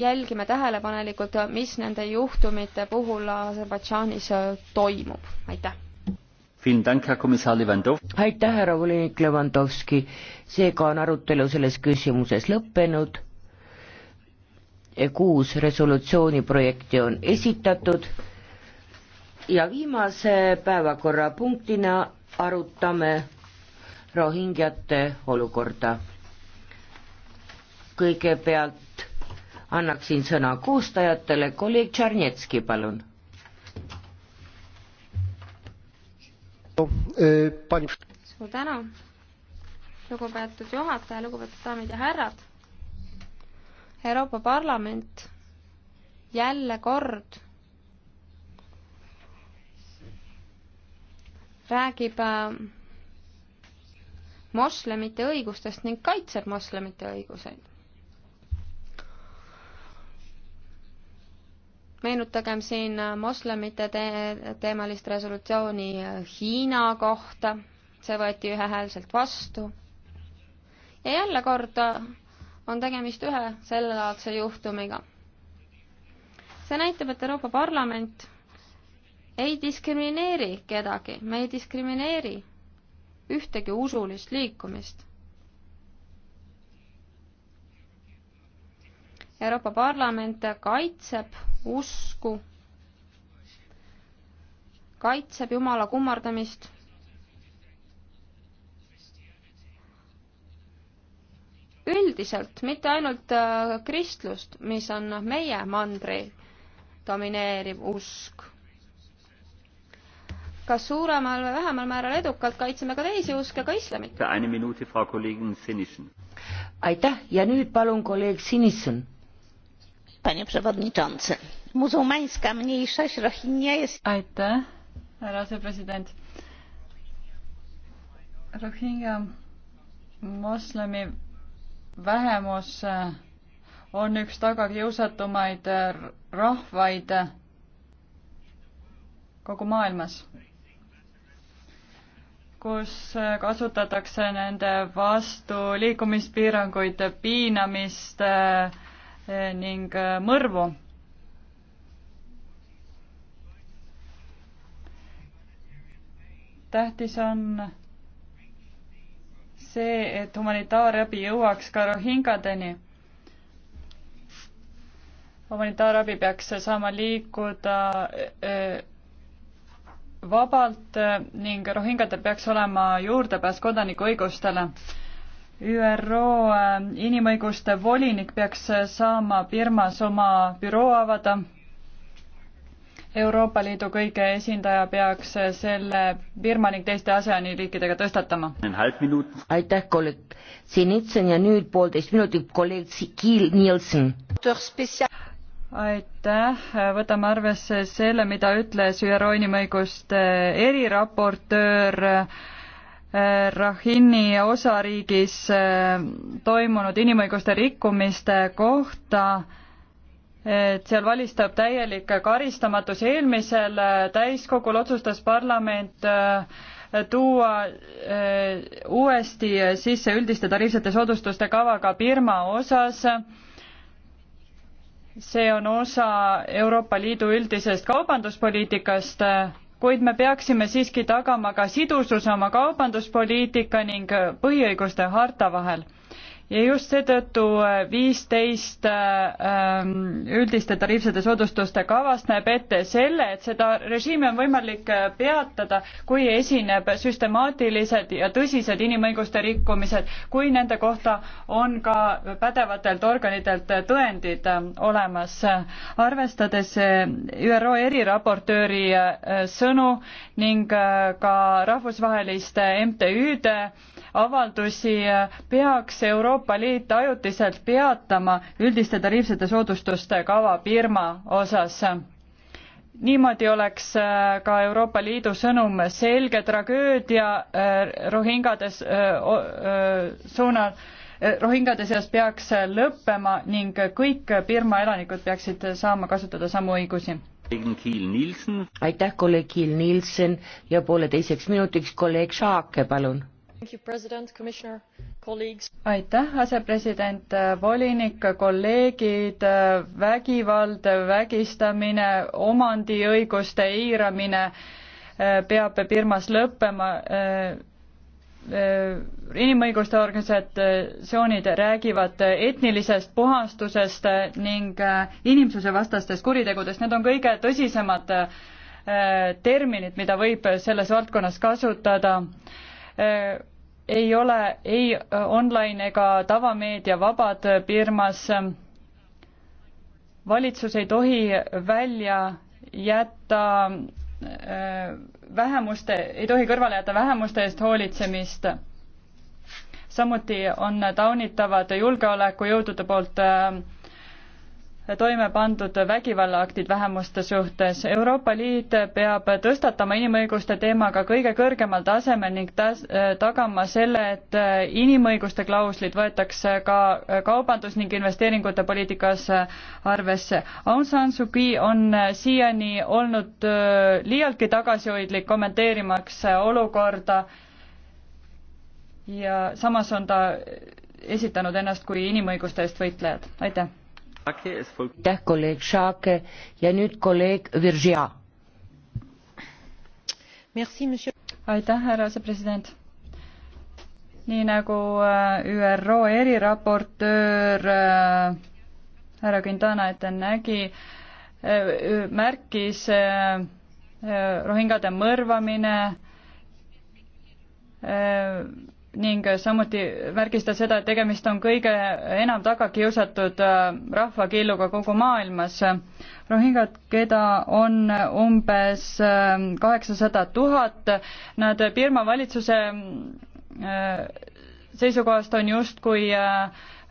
jälgime tähelepanelikult, mis nende juhtumite puhul Aserbaidžaanis äh, toimub, aitäh. aitäh, härra volinik Levandovski, seega on arutelu selles küsimuses lõppenud. kuus resolutsiooni projekti on esitatud ja viimase päevakorrapunktina arutame rohingjate olukorda. kõigepealt annaksin sõna koostajatele, kolleeg Tšarnetski, palun. suur tänu, lugupeetud juhataja, lugupeetud daamid ja härrad. Euroopa Parlament jälle kord räägib äh, moslemite õigustest ning kaitseb moslemite õiguseid meenutagem siin moslemite te teemalist resolutsiooni Hiina kohta, see võeti ühehäälselt vastu. ja jälle kord on tegemist ühe sellelaadse juhtumiga. see näitab, et Euroopa Parlament ei diskrimineeri kedagi, me ei diskrimineeri ühtegi usulist liikumist Euroopa Parlament kaitseb usku, kaitseb Jumala kummardamist. üldiselt, mitte ainult äh, kristlust, mis on meie mandri domineeriv usk. kas suuremal või vähemal määral edukalt kaitseme ka teisi uske, ka islamit? aitäh ja nüüd palun kolleeg Sinisson panie przewodniczący! muzułmańska mniejszość rohingja jest. aitäh härra asepresident rohingja moslemi vähemus eh, on üks tagakiusatumaid eh, rahvaid eh, kogu maailmas kus kasutatakse nende vastu liikumispiiranguid, piinamist äh,, Eh, ning eh, mõrvu. tähtis on see, et humanitaarabi jõuaks ka rohingadeni. humanitaarabi peaks saama liikuda eh, vabalt ning rohingadel peaks olema juurdepääs kodanikuõigustele ÜRO äh, inimõiguste volinik peaks äh, saama Birmas oma büroo avada. Euroopa Liidu kõige esindaja peaks äh, selle Birma ning teiste ASEAN-i riikidega tõstatama. aitäh, kolleeg Sinitsen ja nüüd poolteist minutit kolleeg Kiil Nielsen. aitäh, võtame arvesse selle, mida ütles ÜRO inimõiguste eriraportöör Rahini osariigis äh, toimunud inimõiguste rikkumiste kohta, et seal valistab täielik karistamatus. eelmisel äh, täiskogul otsustas parlament äh, tuua uuesti sisse üldiste tariifsete soodustuste kavaga Birma osas see on osa Euroopa Liidu üldisest kaubanduspoliitikast kuid me peaksime siiski tagama ka sidususe oma kaubanduspoliitika ning põhiõiguste harta vahel ja just seetõttu äh, viisteist ähm, üldiste tariifsete soodustuste kavast näeb ette selle, et seda režiimi on võimalik äh, peatada, kui esineb süstemaatilised ja tõsised inimõiguste rikkumised, kui nende kohta on ka pädevatelt organitelt äh, tõendid olemas. arvestades ÜRO eriraportööri sõnu ning ka rahvusvaheliste MTÜ-de avaldusi, peaks Euroopa Euroopa Liit ajutiselt peatama üldiste tariifsete soodustuste kava Birma osas. niimoodi oleks äh, ka Euroopa Liidu sõnum selge tragöödia äh, rohingades äh, suunal, rohingade seas peaks lõppema ning kõik Birma elanikud peaksid saama kasutada samu õigusi aitäh, kolleeg Kiil Nielsen ja pooleteiseks minutiks kolleeg Šaake, palun aitäh, asepresident, volinik, kolleegid, vägivald, vägistamine, omandiõiguste eiramine eh, peab Birmas lõppema eh, eh, inimõiguste organisatsioonid räägivad etnilisest puhastusest ning inimsusevastastest kuritegudest, need on kõige tõsisemad terminid, mida võib selles valdkonnas kasutada ei ole ei äh, online ega tavameedia vabad Birmas. valitsus ei tohi välja jätta äh, vähemuste, ei tohi kõrvale jätta vähemuste eest hoolitsemist. samuti on taunitavad julgeolekujõudude poolt äh, toime pandud vägivallaaktid vähemuste suhtes. Euroopa Liit peab tõstatama inimõiguste teema ka kõige kõrgemal tasemel ning täs, tagama selle, et inimõiguste klauslid võetakse ka kaubandus- ning investeeringute poliitikas arvesse. Aung San Suu Kyi on siiani olnud äh, liialtki tagasihoidlik kommenteerimaks olukorda ja samas on ta esitanud ennast kui inimõiguste eest võitlejad. aitäh! aitäh, kolleeg Šake ja nüüd kolleeg Viržia. aitäh, härra asepresident. nii nagu äh, ÜRO eriraportöör äh, härra Quintana ette nägi, äh, märkis rohingade mõrvamine ning samuti märgis ta seda, et tegemist on kõige enam tagakiusatud äh, rahvakilluga kogu maailmas. Rohingad, keda on umbes äh, kaheksasada tuhat, nad Birma valitsuse äh, seisukohast on justkui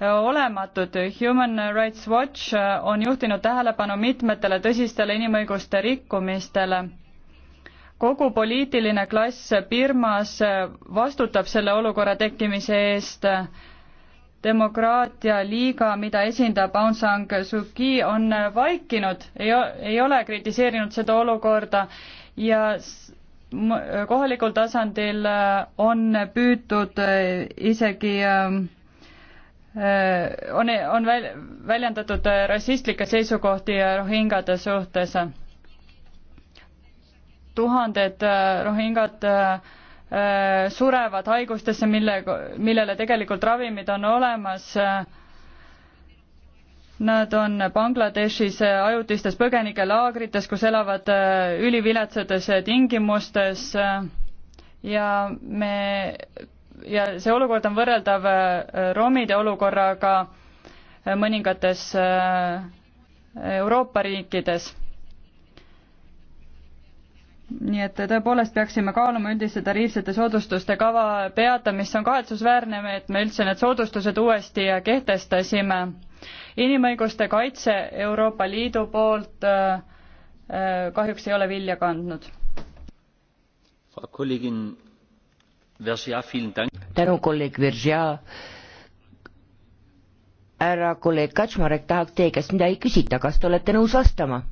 olematud. Human Rights Watch on juhtinud tähelepanu mitmetele tõsistele inimõiguste rikkumistele kogu poliitiline klass Birmas vastutab selle olukorra tekkimise eest. demokraatia liiga, mida esindab Aung San Suu Kyi, on vaikinud, ei ole kritiseerinud seda olukorda ja kohalikul tasandil äh, on püütud äh, isegi äh, on, on väljendatud rassistlikke seisukohti rohingade suhtes tuhanded äh, rohingad äh, äh, surevad haigustesse, mille, millele tegelikult ravimid on olemas. Nad on Bangladeshis ajutistes põgenikelaagrites, kus elavad üliviletsades tingimustes ja me ja see olukord on võrreldav romide olukorraga mõningates Euroopa riikides nii et tõepoolest peaksime kaaluma üldise tariifsete soodustuste kava peatamist, see on kahetsusväärne, et me üldse need soodustused uuesti kehtestasime. inimõiguste kaitse Euroopa Liidu poolt äh, äh, kahjuks ei ole vilja kandnud. tänu, kolleeg Veržia. härra kolleeg Kaczmarek tahab teie käest midagi küsida, kas te olete nõus vastama?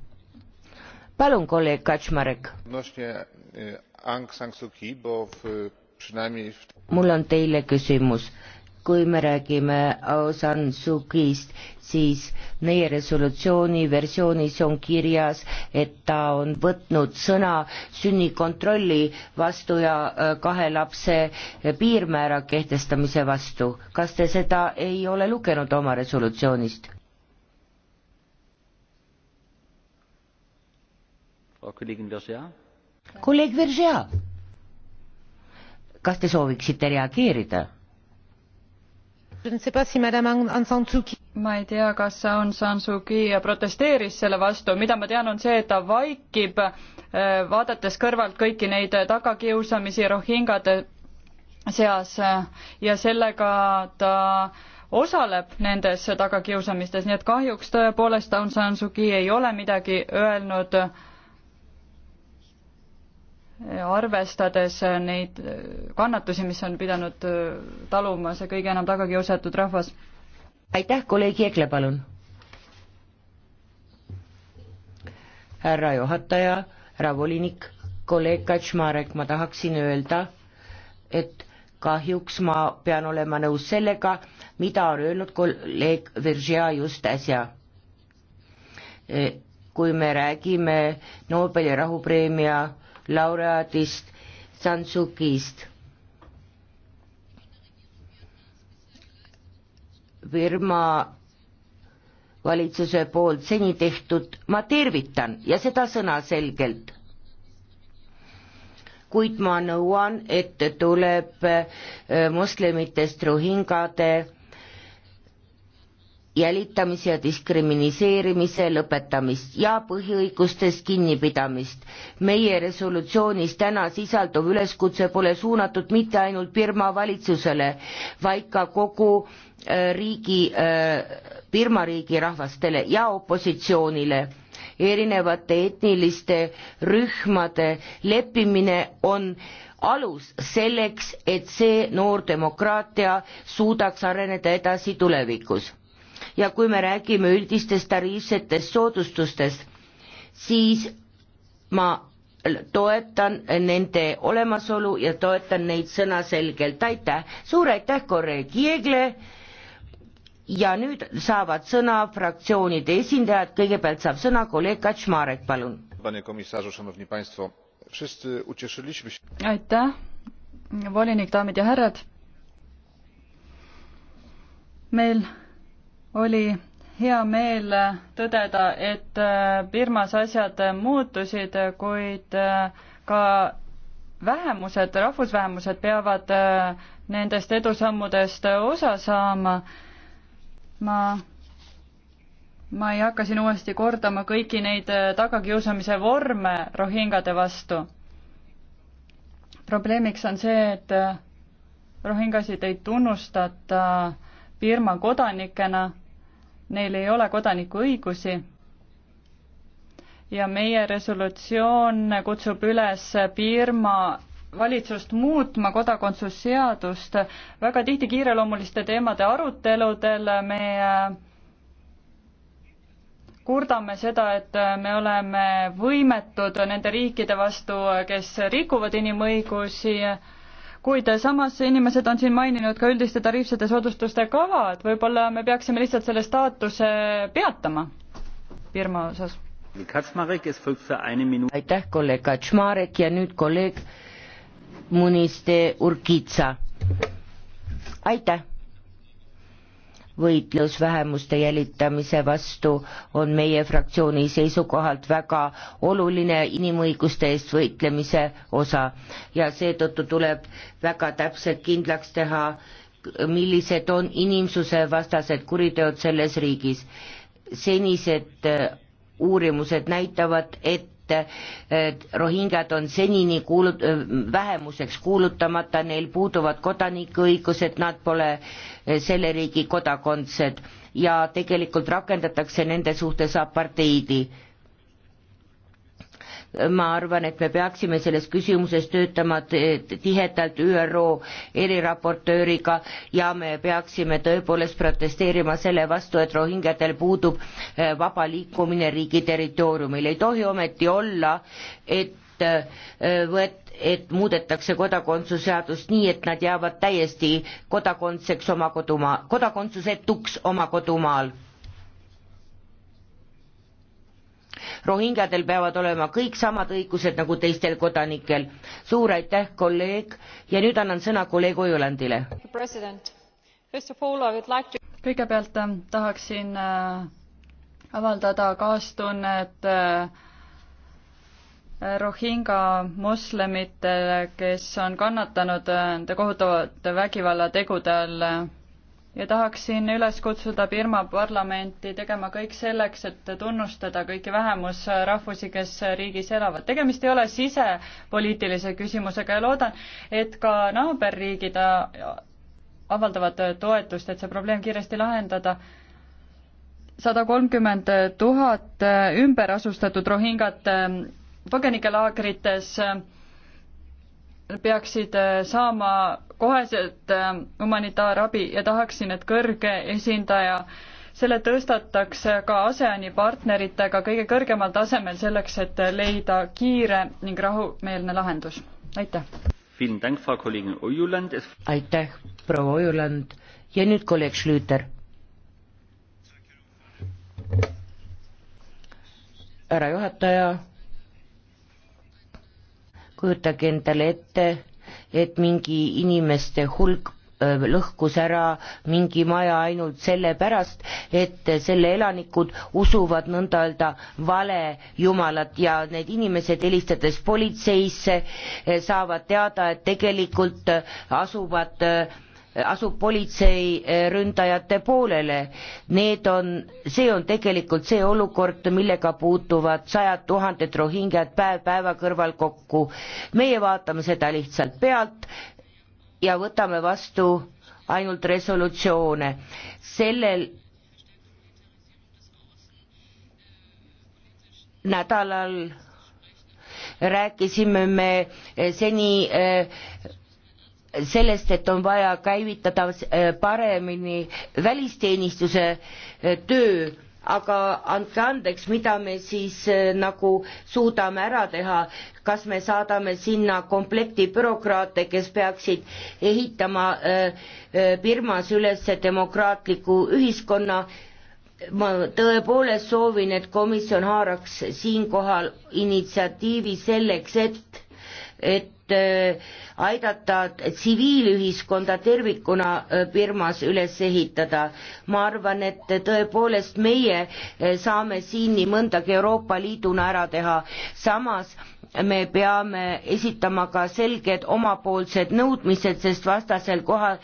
palun, kolleeg Kaczmarek. E, mul on teile küsimus kui me räägime Aung San Suu Kyi'st, siis meie resolutsiooni versioonis on kirjas, et ta on võtnud sõna sünnikontrolli vastu ja e, kahe lapse e, piirmäära kehtestamise vastu. kas te seda ei ole lugenud oma resolutsioonist? kolleeg Veržea, kas te sooviksite reageerida? ma ei tea, kas Aung San Suu Kyi protesteeris selle vastu, mida ma tean, on see, et ta vaikib, äh, vaadates kõrvalt kõiki neid tagakiusamisi rohingade seas äh, ja sellega ta osaleb nendes tagakiusamistes, nii et kahjuks tõepoolest Aung San Suu Kyi ei ole midagi öelnud arvestades neid kannatusi, mis on pidanud taluma see kõige enam tagakiusatud rahvas. aitäh, kolleeg Jeegle, palun. härra juhataja, härra volinik, kolleeg Kaczmarek, ma tahaksin öelda, et kahjuks ma pean olema nõus sellega, mida on öelnud kolleeg Virgia just äsja e kui me räägime Nobeli rahupreemia laureaadist Sansukist. Birma valitsuse poolt seni tehtud ma tervitan ja seda sõnaselgelt. kuid ma nõuan, et tuleb eh, moslemitest rohingade jälitamise ja diskrimineerimise lõpetamist ja põhiõigustest kinnipidamist. meie resolutsioonis täna sisalduv üleskutse pole suunatud mitte ainult Birma valitsusele, vaid ka kogu äh, riigi, äh, Birma riigi rahvastele ja opositsioonile. erinevate etniliste rühmade leppimine on alus selleks, et see noor demokraatia suudaks areneda edasi tulevikus ja kui me räägime üldistest tariifsetest soodustustest, siis ma toetan nende olemasolu ja toetan neid sõnaselgelt, aitäh, suur aitäh, kolleeg Jeegle ja nüüd saavad sõna fraktsioonide esindajad, kõigepealt saab sõna kolleeg Kaczmarek, palun. aitäh, volinik, daamid ja härrad. meil oli hea meel tõdeda, et äh, Birmas asjad muutusid, kuid äh, ka vähemused, rahvusvähemused peavad äh, nendest edusammudest osa saama. ma, ma ei hakka siin uuesti kordama kõiki neid tagakiusamise vorme rohingade vastu. probleemiks on see, et rohingasid ei tunnustata Birma kodanikena neil ei ole kodanikuõigusi. ja meie resolutsioon kutsub üles Birma valitsust muutma kodakondsusseadust. väga tihti kiireloomuliste teemade aruteludel me äh, kurdame seda, et me oleme võimetud nende riikide vastu, kes rikuvad inimõigusi kuid samas inimesed on siin maininud ka üldiste tariifsete soodustuste kava, et võib-olla me peaksime lihtsalt selle staatuse peatama Birma osas. aitäh, kolleeg Kaczmarek ja nüüd kolleeg Muniste Urkitsa. aitäh võitlus vähemuste jälitamise vastu on meie fraktsiooni seisukohalt väga oluline inimõiguste eest võitlemise osa ja seetõttu tuleb väga täpselt kindlaks teha, millised on inimsusevastased kuriteod selles riigis. senised äh, uurimused näitavad, et et rohingjad on senini kuulut-, vähemuseks kuulutamata, neil puuduvad kodanikuõigused, nad pole eh, selle riigi kodakondsed ja tegelikult rakendatakse nende suhtes aparteidi ma arvan, et me peaksime selles küsimuses töötama tihedalt ÜRO eriraportööriga ja me peaksime tõepoolest protesteerima selle vastu, et rohingjadel puudub äh, vaba liikumine riigi territooriumil, ei tohi ometi olla, et äh, võet-, et muudetakse kodakondsuse seadust nii, et nad jäävad täiesti kodakondseks oma kodumaa, kodakondsusetuks oma kodumaal rohingjadel peavad olema kõik samad õigused nagu teistel kodanikel. suur aitäh, kolleeg ja nüüd annan sõna kolleeg Ojulandile. kõigepealt ähm, tahaksin äh, avaldada kaastunnet äh, Rohinga moslemitele, kes on kannatanud äh, nende kohutavate vägivallategude all ja tahaksin üles kutsuda Birma parlamenti tegema kõik selleks, et tunnustada kõiki vähemusrahvusi, kes riigis elavad. tegemist ei ole sisepoliitilise küsimusega ja loodan, et ka naaberriigid avaldavad toetust, et see probleem kiiresti lahendada. sada kolmkümmend tuhat ümberasustatud rohingat ähm, põgenikelaagrites äh, peaksid äh, saama koheselt äh, humanitaarabi ja tahaksin, et kõrge esindaja selle tõstataks äh, ka ASEAN-i partneritega kõige kõrgemal tasemel selleks, et leida kiire ning rahumeelne lahendus. aitäh! aitäh, proua Ojuland ja nüüd kolleeg Schlüter. härra juhataja kujutage endale ette, et mingi inimeste hulk äh, lõhkus ära mingi maja ainult sellepärast, et selle elanikud usuvad nõnda öelda vale jumalat ja need inimesed helistades politseisse äh, saavad teada, et tegelikult äh, asuvad Eh, asub politsei eh, ründajate poolele. Need on, see on tegelikult see olukord, millega puutuvad sajad tuhanded rohingjad päev päeva kõrval kokku. meie vaatame seda lihtsalt pealt ja võtame vastu ainult resolutsioone. sellel nädalal rääkisime me eh, seni sellest, et on vaja käivitada äh, paremini välisteenistuse äh, töö, aga andke andeks, mida me siis äh, nagu suudame ära teha, kas me saadame sinna komplekti bürokraate, kes peaksid ehitama Birmas üles demokraatliku ühiskonna, ma tõepoolest soovin, et komisjon haaraks siinkohal initsiatiivi selleks, et et äh, aidata tsiviilühiskonda tervikuna Birmas äh, üles ehitada. ma arvan, et tõepoolest meie äh, saame siin nii mõndagi Euroopa Liiduna ära teha, samas me peame esitama ka selged omapoolsed nõudmised, sest vastasel kohal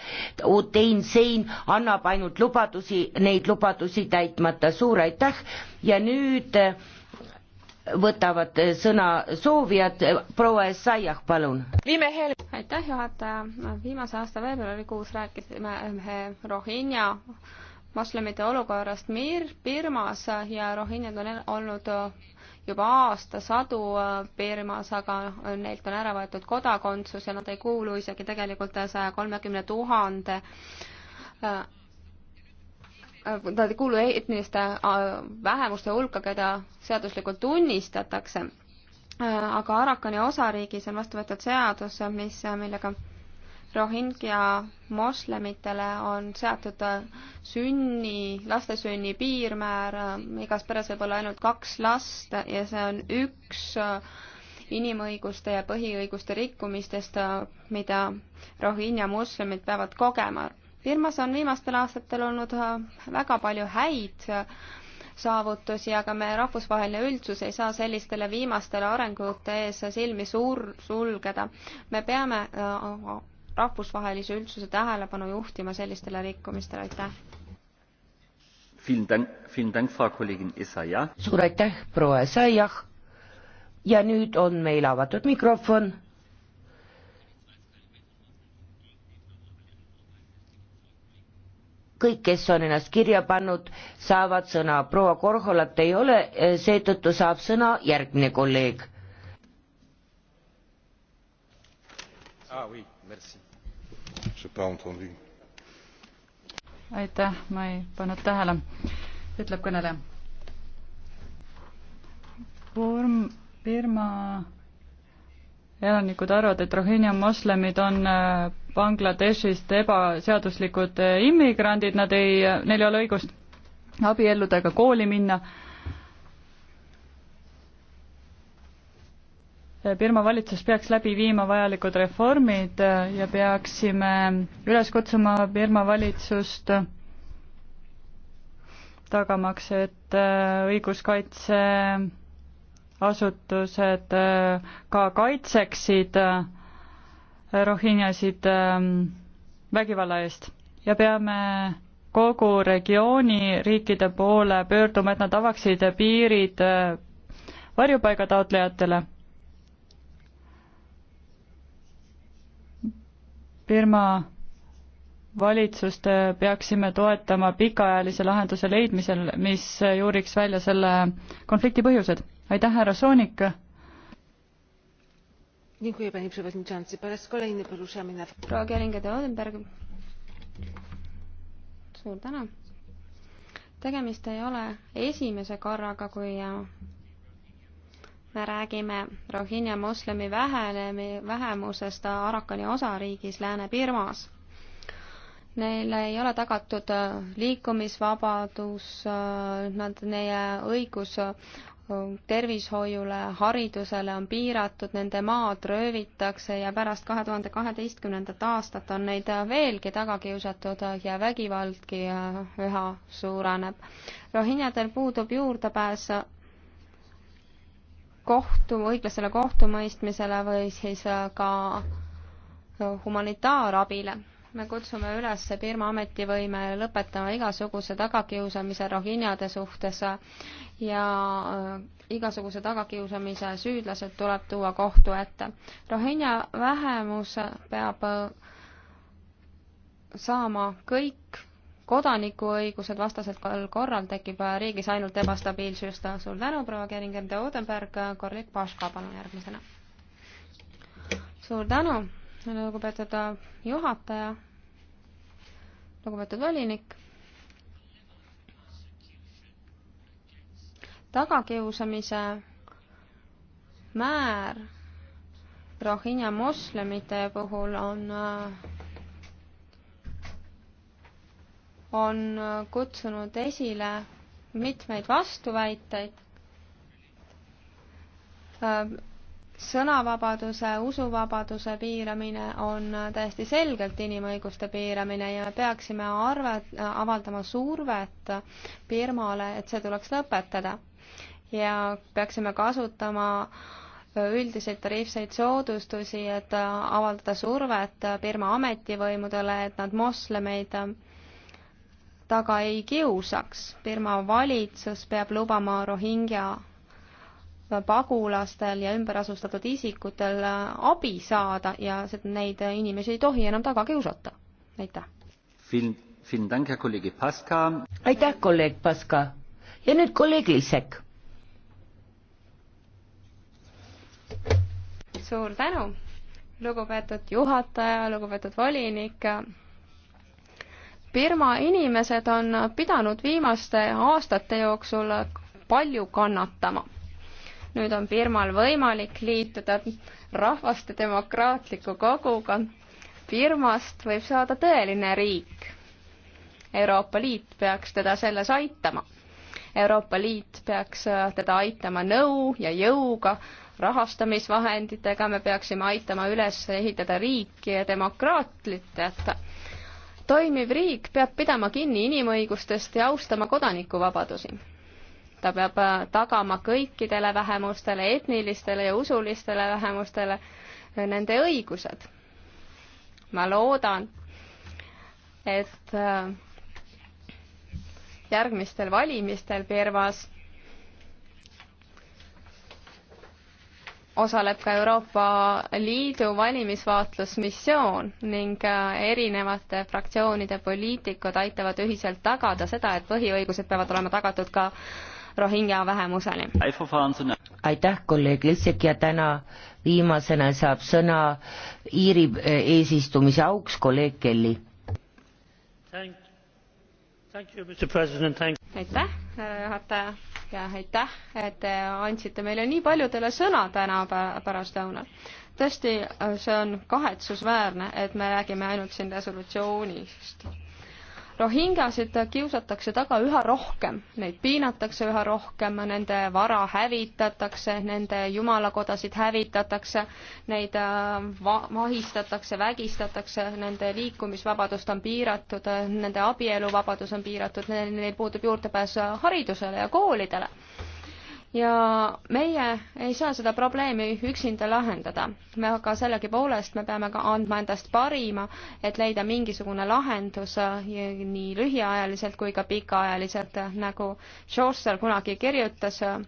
Utein Sein annab ainult lubadusi, neid lubadusi täitmata. suur aitäh ja nüüd võtavad sõna soovijad, proua Essayah, palun. aitäh, juhataja. viimase aasta veebruarikuus rääkisime äh, Rohingja moslemite olukorrast Mir-, Birmas ja Rohingjad on olnud juba aastasadu äh, Birmas, aga neilt on ära võetud kodakondsus ja nad ei kuulu isegi tegelikult saja kolmekümne tuhande äh, nad ei kuulu etniliste äh, vähemuste hulka, keda seaduslikult tunnistatakse. Äh, aga Arakani osariigis on vastu võetud seadus, mis, millega Rohingja moslemitele on seatud äh, sünni, laste sünni piirmäär, igas peres võib olla ainult kaks last ja see on üks inimõiguste ja põhiõiguste rikkumistest, mida Rohingja moslemid peavad kogema firmas on viimastel aastatel olnud äh, väga palju häid äh, saavutusi, aga me, rahvusvaheline üldsus ei saa sellistele viimastele arengute ees silmi suur-, sulgeda. me peame äh, rahvusvahelise üldsuse tähelepanu juhtima sellistele rikkumistele, aitäh! suur aitäh, proua Essayah! ja nüüd on meil avatud mikrofon kõik, kes on ennast kirja pannud, saavad sõna, proua Korholat ei ole, eh, seetõttu saab sõna järgmine kolleeg ah,. Oui, aitäh, ma ei pannud tähele, ütleb kõneleja. Burm-, Birma elanikud arvavad, et Rohingja moslemid on eh, Bangladeshist ebaseaduslikud eh, immigrandid, nad ei, neil ei ole õigust abielluda ega kooli minna. Eh, Birma valitsus peaks läbi viima vajalikud reformid eh, ja peaksime üles kutsuma Birma valitsust tagamaks, et õiguskaitseasutused ka kaitseksid rohinjasid ähm, vägivalla eest ja peame kogu regiooni riikide poole pöörduma, et nad avaksid piirid äh, varjupaiga taotlejatele. Birma valitsust peaksime toetama pikaajalise lahenduse leidmisel, mis juuriks välja selle konflikti põhjused. aitäh, härra Soonik! panie przewodniczący! po raz kolejny poruszamy na. proua geringer de oedenberg suur tänu! tegemist ei ole esimese korraga kui äh, me räägime rohinja moslemi vähenemi- vähemusest arakani osariigis lääne birmas neile ei ole tagatud äh, liikumisvabadus, äh, nad, neie õigus tervishoiule, haridusele on piiratud, nende maad röövitakse ja pärast kahe tuhande kaheteistkümnendat aastat on neid veelgi taga kiusatud ja vägivaldki üha suureneb. Rohinjadel puudub juurdepääs kohtu, õiglasele kohtumõistmisele või siis ka humanitaarabile me kutsume üles Birma ametivõime lõpetama igasuguse tagakiusamise rohinjade suhtes ja äh, igasuguse tagakiusamise süüdlased tuleb tuua kohtu ette. rohinja vähemus peab äh, saama kõik kodanikuõigused vastaselt korral tekib riigis ainult ebastabiilsust. suur tänu, proua Keringer de Odenberg, kolleeg Paška, palun järgmisena. suur tänu, lugupeetud juhataja lugupeetud volinik. tagakiusamise määr Rohinja moslemite puhul on, on kutsunud esile mitmeid vastuväiteid sõnavabaduse, usuvabaduse piiramine on täiesti selgelt inimõiguste piiramine ja peaksime arve, avaldama survet Birmale, et see tuleks lõpetada. ja peaksime kasutama üldiseid tariifseid soodustusi, et avaldada survet Birma ametivõimudele, et nad moslemeid taga ei kiusaks. Birma valitsus peab lubama Rohingja pagulastel ja ümberasustatud isikutel abi saada ja neid inimesi ei tohi enam taga kiusata. aitäh. aitäh, kolleeg Paska. ja nüüd kolleeg Liisek. suur tänu, lugupeetud juhataja, lugupeetud volinik Birma inimesed on pidanud viimaste aastate jooksul palju kannatama nüüd on Birmal võimalik liituda rahvaste demokraatliku koguga. Birmast võib saada tõeline riik. Euroopa Liit peaks teda selles aitama. Euroopa Liit peaks teda aitama nõu ja jõuga, rahastamisvahenditega, me peaksime aitama üles ehitada riiki ja demokraatlitet toimiv riik peab pidama kinni inimõigustest ja austama kodanikuvabadusi ta peab äh, tagama kõikidele vähemustele, etnilistele ja usulistele vähemustele äh, nende õigused. ma loodan, et äh, järgmistel valimistel Pervas osaleb ka Euroopa Liidu valimisvaatlusmissioon ning erinevate fraktsioonide poliitikud aitavad ühiselt tagada seda, et põhiõigused peavad olema tagatud ka Rohingja vähemuseni. aitäh, kolleeg Lissek ja täna viimasena saab sõna Iiri eh, eesistumise auks kolleeg Kelly. aitäh, härra juhataja ja aitäh, et te andsite meile nii paljudele sõna täna pärastlõunal. tõesti, see on kahetsusväärne, et me räägime ainult siin resolutsioonist Rohingasid kiusatakse taga üha rohkem, neid piinatakse üha rohkem, nende vara hävitatakse, nende jumalakodasid hävitatakse, neid äh, va-, vahistatakse, vägistatakse, nende liikumisvabadust on piiratud, nende abieluvabadus on piiratud, neil puudub juurdepääs haridusele ja koolidele ja meie ei saa seda probleemi üksinda lahendada. me aga sellegipoolest, me peame ka andma endast parima, et leida mingisugune lahendus äh, nii lühiajaliselt kui ka pikaajaliselt, äh, nagu Chaucer kunagi kirjutas, äh,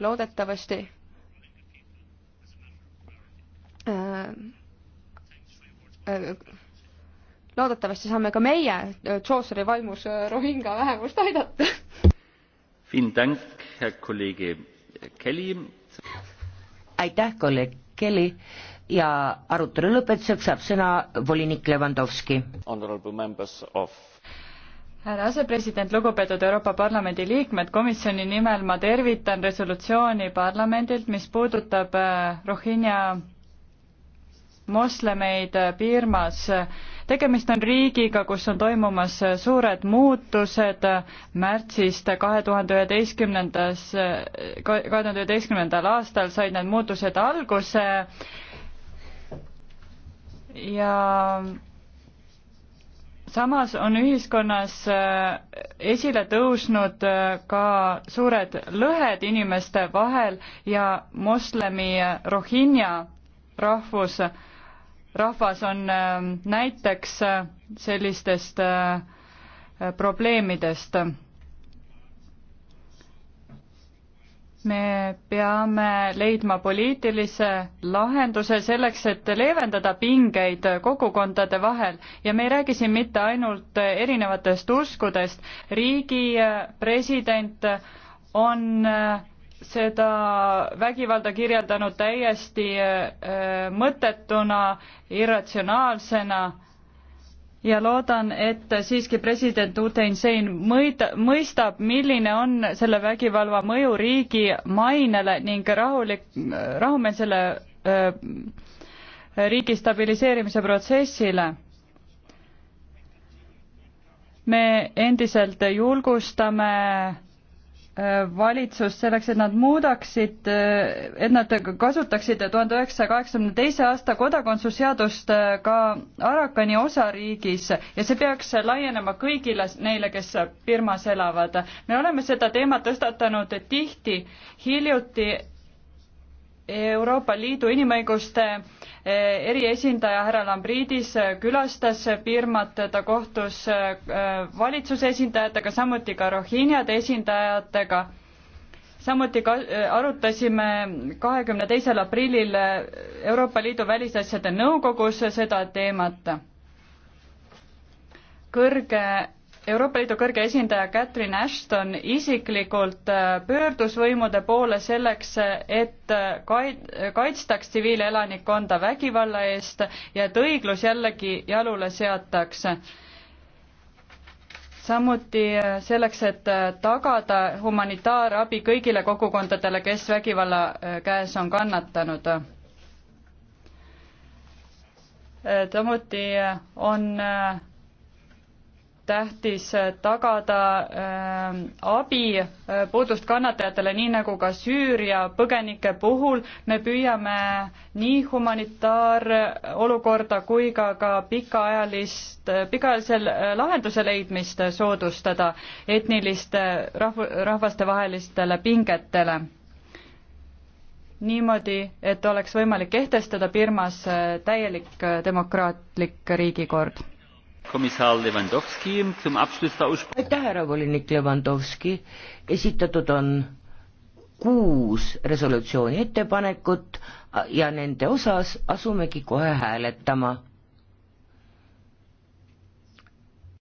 loodetavasti loodetavasti saame ka meie Chauceri vaimus Rohinga vähemust aidata aitäh, kolleeg Kelly ja arutelu lõpetuseks saab sõna volinik Levandovski. härra asepresident, lugupeetud Euroopa Parlamendi liikmed, komisjoni nimel ma tervitan resolutsiooni parlamendilt, mis puudutab äh, Rohingja moslemeid Birmas tegemist on riigiga, kus on toimumas suured muutused märtsist kahe tuhande üheteistkümnendas, kahe tuhande üheteistkümnendal aastal said need muutused alguse ja samas on ühiskonnas esile tõusnud ka suured lõhed inimeste vahel ja moslemi rohinja rahvus rahvas on ähm, näiteks äh, sellistest äh, äh, probleemidest. me peame leidma poliitilise lahenduse selleks, et leevendada pingeid kogukondade vahel ja me ei räägi siin mitte ainult erinevatest uskudest, riigi president on seda vägivalda kirjeldanud täiesti äh, äh, mõttetuna, irratsionaalsena ja loodan, et siiski president Utein Sein mõida-, mõistab, milline on selle vägivalla mõju riigi mainele ning rahulik, rahumeelsele äh, riigi stabiliseerimise protsessile. me endiselt julgustame Äh, valitsust selleks, et nad muudaksid, äh, et nad kasutaksid tuhande üheksasaja kaheksakümne teise aasta kodakondsusseadust äh, ka Arakani osariigis ja see peaks laienema kõigile neile, kes Birmas elavad. me oleme seda teemat tõstatanud tihti, hiljuti Euroopa Liidu inimõiguste eh, eriesindaja härra Lambridis eh, külastas Birmat, ta kohtus eh, valitsuse esindajatega, samuti ka Rohingjade esindajatega. samuti ka arutasime kahekümne teisel aprillil Euroopa Liidu välisasjade nõukogus seda teemat. kõrge Euroopa Liidu kõrge esindaja Catherine Ashton isiklikult äh, pöördus võimude poole selleks, et äh, kaitstaks tsiviilelanikkonda vägivalla eest ja et õiglus jällegi jalule seataks. samuti äh, selleks, et tagada humanitaarabi kõigile kogukondadele, kes vägivalla käes on kannatanud samuti on tähtis tagada ähm, abi äh, puudust kannatajatele, nii nagu ka Süüria põgenike puhul. me püüame nii humanitaarolukorda kui ka ka pikaajalist, äh, pikaajalisel äh, lahenduse leidmist soodustada etniliste rahv-, rahvastevahelistele pingetele niimoodi, et oleks võimalik kehtestada Birmas täielik demokraatlik riigikord aitäh, härra volinik Levandovski, esitatud on kuus resolutsiooni ettepanekut ja nende osas asumegi kohe hääletama